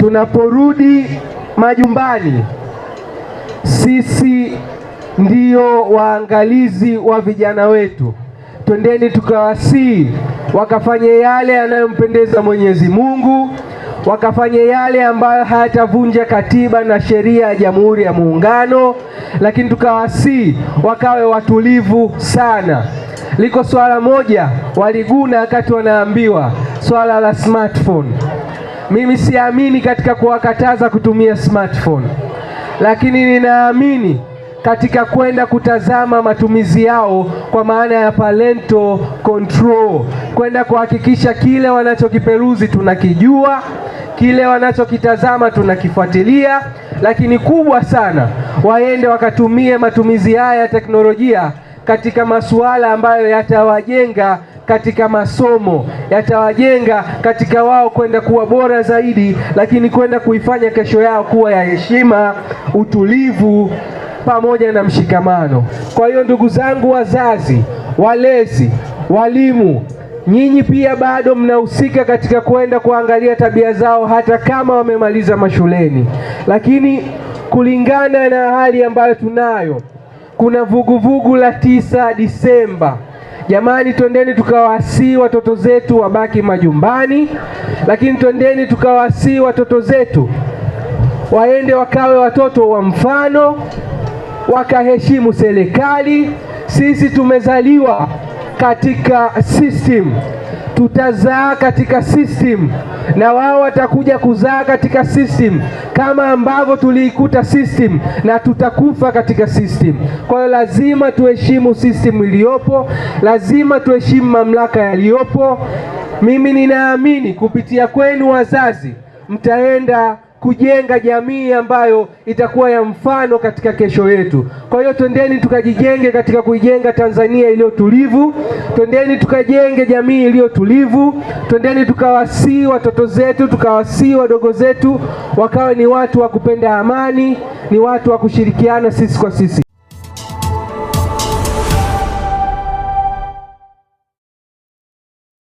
tunaporudi majumbani, sisi ndio waangalizi wa vijana wetu. Twendeni tukawasii wakafanye yale yanayompendeza Mwenyezi Mungu, wakafanye yale ambayo hayatavunja katiba na sheria ya Jamhuri ya Muungano, lakini tukawasii wakawe watulivu sana. Liko swala moja waliguna wakati wanaambiwa swala la smartphone. Mimi siamini katika kuwakataza kutumia smartphone, lakini ninaamini katika kwenda kutazama matumizi yao kwa maana ya parental control, kwenda kuhakikisha kile wanachokiperuzi tunakijua, kile wanachokitazama tunakifuatilia, lakini kubwa sana waende wakatumie matumizi haya ya teknolojia katika masuala ambayo yatawajenga katika masomo, yatawajenga katika wao kwenda kuwa bora zaidi, lakini kwenda kuifanya kesho yao kuwa ya heshima, utulivu pamoja na mshikamano. Kwa hiyo ndugu zangu wazazi, walezi, walimu nyinyi pia bado mnahusika katika kwenda kuangalia tabia zao hata kama wamemaliza mashuleni, lakini kulingana na hali ambayo tunayo kuna vuguvugu vugu la tisa Disemba. Jamani, twendeni tukawasii watoto zetu wabaki majumbani, lakini twendeni tukawasii watoto zetu waende wakawe watoto wa mfano, wakaheshimu serikali. Sisi tumezaliwa katika system, tutazaa katika system na wao watakuja kuzaa katika system kama ambavyo tuliikuta system, na tutakufa katika system. Kwa hiyo lazima tuheshimu system iliyopo, lazima tuheshimu mamlaka yaliyopo. Mimi ninaamini kupitia kwenu wazazi mtaenda kujenga jamii ambayo itakuwa ya mfano katika kesho yetu. Kwa hiyo twendeni tukajijenge katika kuijenga Tanzania iliyo tulivu, twendeni tukajenge jamii iliyo tulivu, twendeni tukawasii watoto zetu, tukawasii wadogo zetu, wakawe ni watu wa kupenda amani, ni watu wa kushirikiana sisi kwa sisi.